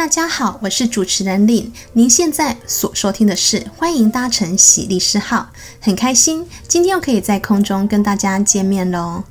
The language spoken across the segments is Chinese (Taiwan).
大家好，我是主持人林。您現在所收聽的是《歡迎搭乘喜麗詩號》，很開心，今天又可以在空中跟大家見面嘍。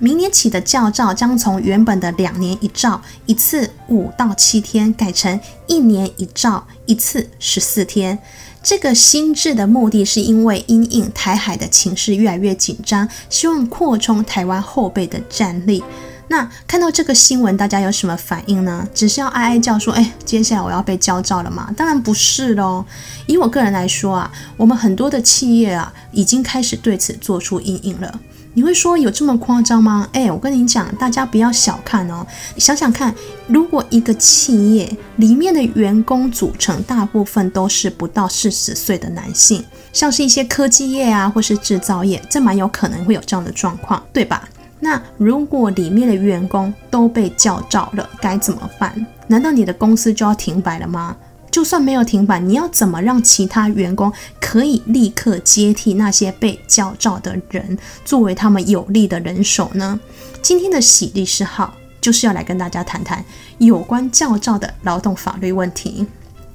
明年起的教召將從原本的兩年一召，一次五到七天，改成一年一召，一次十四天。這個新制的目的是因為因應台海的情勢越來越緊張，希望擴充台灣後備的戰力。那看到這個新聞，大家有什麼反應呢？只是要哀哀叫說：“哎，接下來我要被教召了嗎？”當然不是嘍。以我個人來說啊，我們很多的企業啊，已經開始對此做出因應了。你會說有這麼誇張嗎？哎，我跟你講，大家不要小看哦。想想看，如果一個企業裡面的員工組成大部分都是不到四十歲的男性，像是一些科技業啊，或是制造業，這蠻有可能會有這樣的狀況，對吧？那如果裡面的員工都被教召了，該怎麼辦？難道你的公司就要停擺了嗎？就算沒有停擺，你要怎麼讓其他員工可以立刻接替那些被教召的人，作為他們有力的人手呢？今天的喜麗詩號就是要來跟大家談談有關教召的勞動法律問題。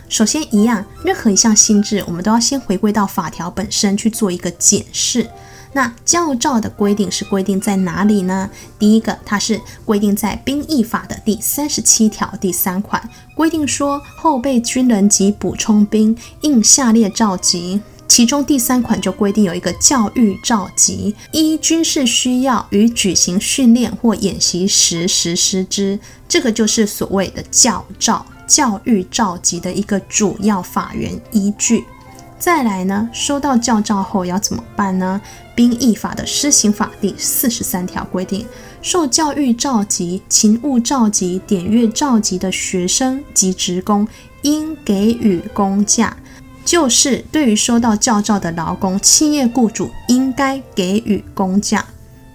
首先一樣，任何一項新制，我們都要先回歸到法條本身去做一個解釋。那教召的規定是規定在哪裡呢？第一個，它是規定在兵役法的第三十七條第三款，規定說後備軍人及補充兵應下列召集，其中第三款就規定有一個教育召集，依軍事需要與舉行訓練或演習時實施之，這個就是所謂的教召、教育召集的一個主要法源依據。再來呢，收到教召後要怎麼辦呢？兵役法的施行法第四十三條規定，受教育召集、勤務召集、點閱召集的學生及職工應給予公假，就是對於收到教召的勞工，企業雇主應該給予公假。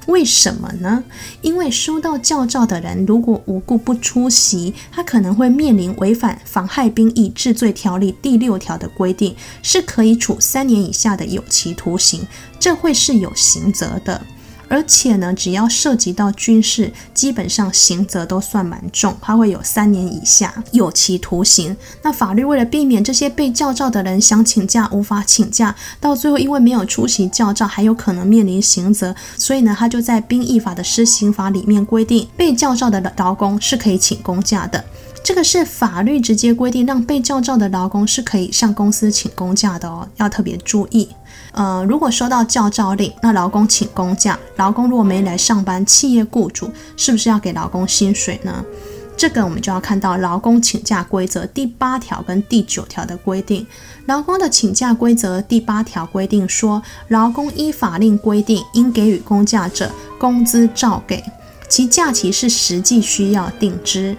為什麼呢？因為收到教召的人，如果無故不出席，他可能會面臨違反《妨害兵役治罪條例》第六條的規定，是可以處三年以下的有期徒刑，這會是有刑責的。而且呢，只要涉及到軍事，基本上刑責都算蠻重，它會有三年以下有期徒刑。那法律為了避免這些被教召的人想請假無法請假，到最後因為沒有出席教召還有可能面臨刑責，所以呢，他就在兵役法的施行法裡面規定，被教召的勞工是可以請公假的。這個是法律直接規定，讓被教召的勞工是可以向公司請公假的哦，要特別注意。呃，如果收到教召令，那勞工請公假，勞工如果沒來上班，企業雇主是不是要給勞工薪水呢？這個我們就要看到勞工請假規則第八條跟第九條的規定。勞工的請假規則第八條規定說，勞工依法令規定應給予公假者，工資照給，其假期是實際需要定之。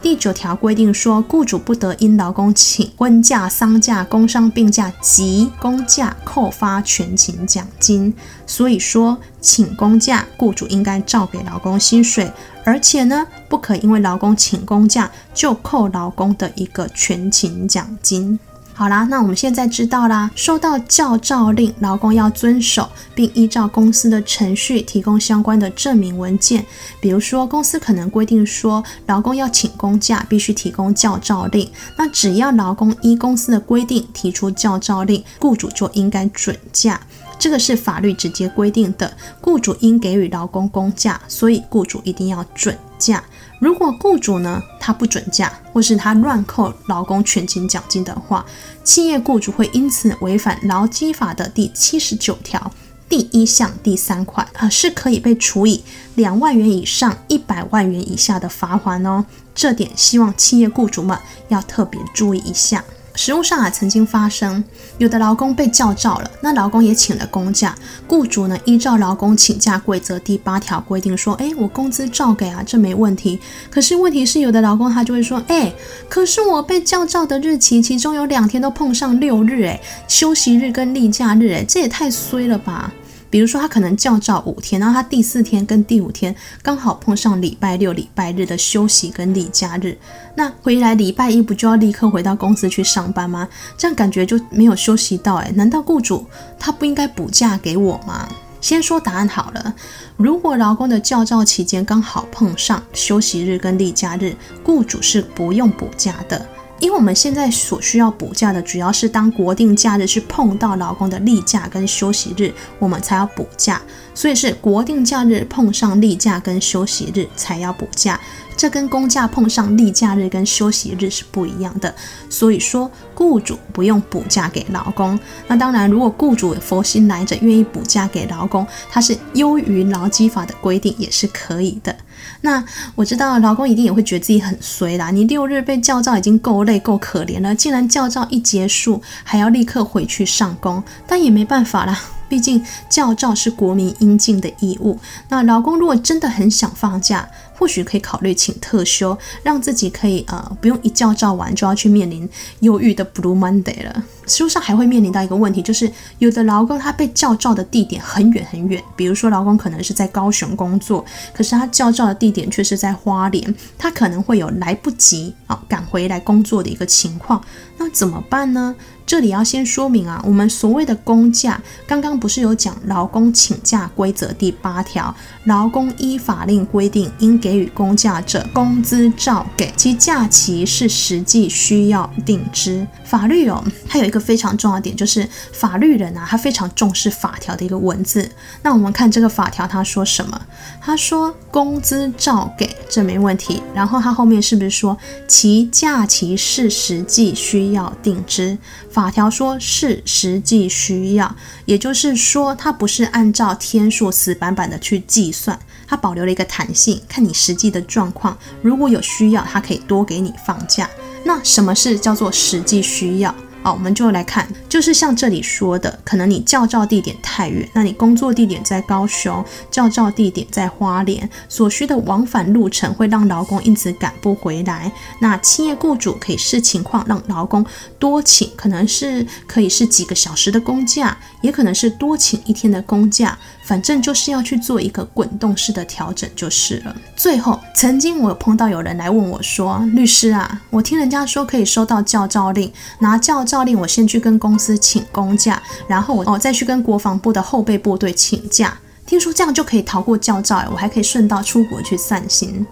第九條規定說，雇主不得因勞工請婚假、喪假、工傷病假及公假扣發全勤獎金。所以說，請公假，雇主應該照給勞工薪水，而且呢，不可因為勞工請公假就扣勞工的一個全勤獎金。好啦，那我們現在知道啦，收到教召令，勞工要遵守，並依照公司的程序提供相關的證明文件。比如說，公司可能規定說，勞工要請公假，必須提供教召令。那只要勞工依公司的規定提出教召令，雇主就應該准假。這個是法律直接規定的，雇主應給予勞工公假，所以雇主一定要准假。如果雇主呢，他不准假，或是他亂扣勞工全勤獎金的話，企業雇主會因此違反勞基法的第七十九條第一項第三款，啊，是可以被處以兩萬元以上一百萬元以下的罰鍰哦。這點希望企業雇主們要特別注意一下。實務上啊，曾經發生有的勞工被教召了，那勞工也請了公假，雇主呢依照《勞工請假規則》第八條規定說，哎、欸，我工資照給啊，這沒問題。可是問題是，有的勞工他就會說，哎、欸，可是我被教召的日期其中有兩天都碰上六日，欸，誒，休息日跟例假日，欸，誒，這也太衰了吧。比如說，他可能教召五天，然後他第四天跟第五天剛好碰上禮拜六、禮拜日的休息跟例假日，那回來禮拜一不就要立刻回到公司去上班嗎？這樣感覺就沒有休息到哎、欸，難道雇主他不應該補假給我嗎？先說答案好了，如果勞工的教召期間剛好碰上休息日跟例假日，雇主是不用補假的。因為我們現在所需要補假的，主要是當國定假日去碰到勞工的例假跟休息日，我們才要補假。所以是國定假日碰上例假跟休息日才要補假，這跟公假碰上例假日跟休息日是不一樣的。所以說，雇主不用補假給勞工。那當然，如果雇主有佛心來着，願意補假給勞工，他是優於勞基法的規定，也是可以的。那我知道，老公一定也會覺得自己很衰啦。你六日被教召已經夠累夠可憐了，既然教召一結束還要立刻回去上工，但也沒辦法啦。畢竟，教召是國民應盡的義務。那勞工如果真的很想放假，或許可以考慮請特休，讓自己可以呃不用一教召完就要去面臨憂鬱的 Blue Monday 了。實際上還會面臨到一個問題，就是有的勞工他被教召的地點很遠很遠，比如說勞工可能是在高雄工作，可是他教召的地點卻是在花蓮，他可能會有來不及啊、哦、趕回來工作的一個情況，那怎麼辦呢？這裡要先說明啊，我們所謂的公假，剛剛不是有講勞工請假規則第八條，勞工依法令規定應給予公假者，工資照給。其假期是實際需要定之。法律哦，它有一個非常重要的點，就是法律人啊，他非常重視法條的一個文字。那我們看這個法條，他說什麼？他說工資照給，這沒問題。然後他後面是不是說其假期是實際需要定之？法條說是實際需要，也就是說，它不是按照天數死板板的去計算，它保留了一個彈性，看你實際的狀況，如果有需要，它可以多給你放假。那什麼是叫做實際需要？好，我們就來看，就是像這裡說的，可能你教召地點太遠，那你工作地點在高雄，教召地點在花蓮，所需的往返路程會讓勞工因此趕不回來。那企業僱主可以視情況讓勞工多請，可能是可以是幾個小時的公假，也可能是多請一天的公假。反正就是要去做一個滾動式的調整就是了。最後，曾經我碰到有人來問我說：“律師啊，我聽人家說可以收到教召令，拿教召令，我先去跟公司請公假，然後我再去跟國防部的後備部隊請假，聽說這樣就可以逃過教召。我還可以順道出國去散心。”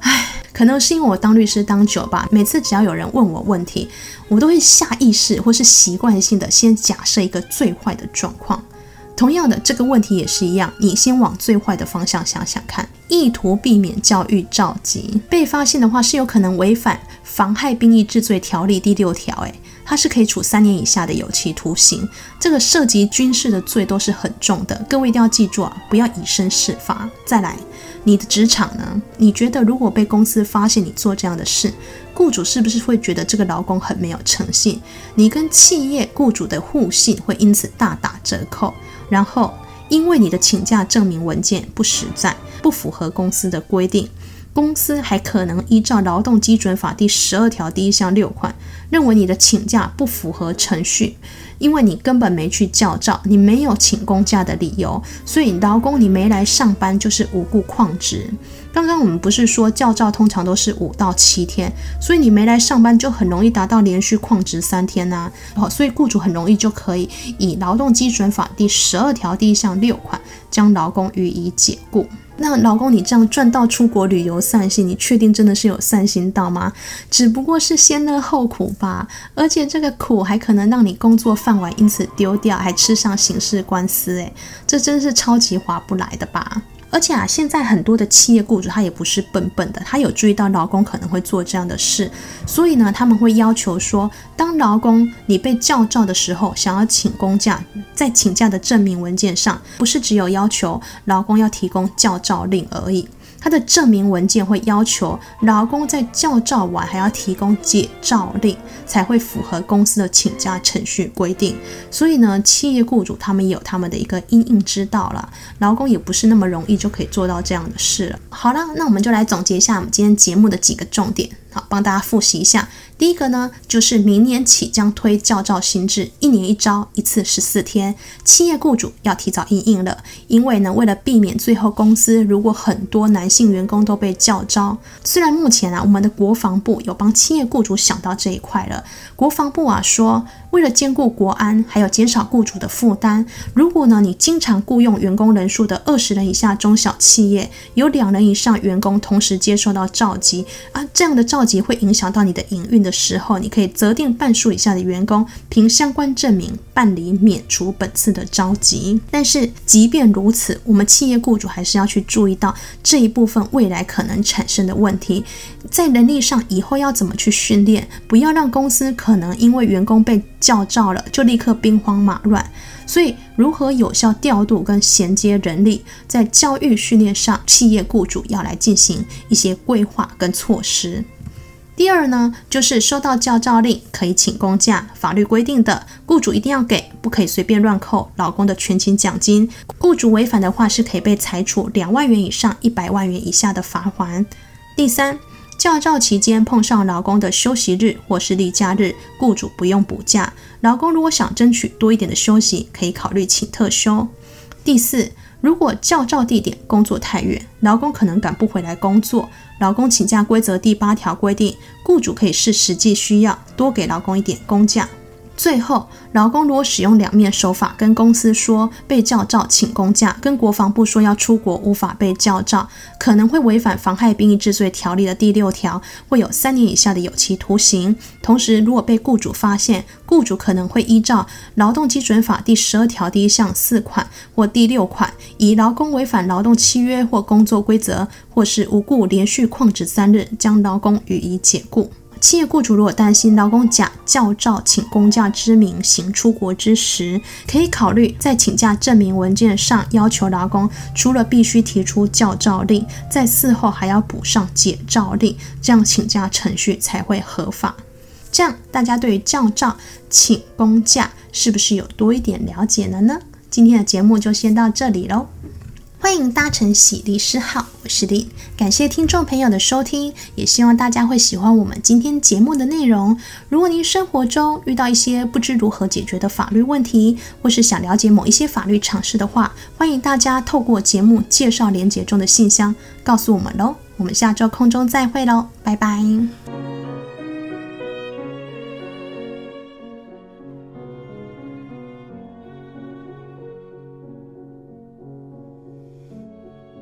唉，可能是因為我當律師當久吧，每次只要有人問我問題，我都會下意識或是習慣性的先假設一個最壞的狀況。同樣的這個問題也是一樣，你先往最壞的方向想想看。意圖避免教育召集被發現的話，是有可能違反《妨害兵役治罪條例》第六條，哎，它是可以處三年以下的有期徒刑。這個涉及軍事的罪都是很重的，各位一定要記住啊，不要以身試法。再來，你的職場呢？你覺得如果被公司發現你做這樣的事，雇主是不是會覺得這個勞工很沒有誠信？你跟企業雇主的互信會因此大打折扣。然後，因為你的請假證明文件不實在，不符合公司的規定，公司還可能依照《勞動基準法》第十二條第一項六款，認為你的請假不符合程序。因為你根本沒去教召，你沒有請公假的理由，所以勞工你沒來上班就是無故曠職。剛剛我們不是說教召通常都是五到七天，所以你沒來上班就很容易達到連續曠職三天啊。好，所以雇主很容易就可以以《勞動基準法》第十二條第一項六款將勞工予以解雇。那老公，你這樣賺到出國旅遊散心，你確定真的是有散心到嗎？只不過是先樂後苦吧，而且這個苦還可能讓你工作飯碗因此丟掉，還吃上刑事官司，欸，哎，這真是超級划不來的吧？而且啊，現在很多的企業雇主他也不是笨笨的，他有注意到勞工可能會做這樣的事，所以呢，他們會要求說，當勞工你被教召的時候，想要請公假，在請假的證明文件上，不是只有要求勞工要提供教召令而已。他的證明文件會要求勞工在教召完還要提供解召令，才會符合公司的請假程序規定。所以呢，企業雇主他們也有他們的一個因應之道了，勞工也不是那麼容易就可以做到這樣的事了。好了，那我們就來總結一下我們今天節目的幾個重點，好幫大家復習一下。第一個呢，就是明年起將推教召新制，一年一召，一次十四天，企業雇主要提早應應了，因為呢，為了避免最後公司如果很多男性員工都被教召，雖然目前啊，我們的國防部有幫企業雇主想到這一塊了，國防部啊說，為了兼顧國安還有減少雇主的負擔，如果呢你經常雇傭員工人數的二十人以下中小企業有兩人以上員工同時接受到召集，啊，這樣的召集會影響到你的營運。的時候，你可以擇定半數以下的員工憑相關證明辦理免除本次的召集。但是，即便如此，我們企業雇主還是要去注意到這一部分未來可能產生的問題，在人力上以後要怎麼去訓練，不要讓公司可能因為員工被教召了就立刻兵荒馬亂。所以，如何有效調度跟銜接人力，在教育訓練上，企業雇主要來進行一些規劃跟措施。第二呢，就是收到教召令，可以請公假，法律規定的雇主一定要給，不可以隨便亂扣勞工的全勤獎金。雇主違反的話，是可以被裁處兩萬元以上一百萬元以下的罰鍰。第三，教召期間碰上勞工的休息日或是例假日，雇主不用補假。勞工如果想爭取多一點的休息，可以考慮請特休。第四。如果教召地點工作太遠，勞工可能趕不回來工作。勞工請假規則第八條規定，雇主可以視實際需要多給勞工一點公假。最後，勞工如果使用兩面手法跟公司說被教召請公假，跟國防部說要出國無法被教召，可能會違反妨害兵役治罪條例的第六條，會有三年以下的有期徒刑。同時，如果被雇主發現，雇主可能會依照勞動基準法第十二條第一項四款或第六款，以勞工違反勞動契約或工作規則，或是無故連續曠職三日，將勞工予以解雇。企業雇主如果擔心勞工假教召請公假之名行出國之實，可以考慮在請假證明文件上要求勞工除了必須提出教召令，在事後還要補上解召令，這樣請假程序才會合法。這樣大家對於教召請公假是不是有多一點了解了呢？今天的節目就先到這裡嘍。歡迎搭乘喜麗詩號，我是林。感謝聽眾朋友的收聽，也希望大家會喜歡我們今天節目的內容。如果您生活中遇到一些不知如何解決的法律問題，或是想了解某一些法律常識的話，歡迎大家透過節目介紹連結中的信箱告訴我們嘍。我們下周空中再會嘍，拜拜。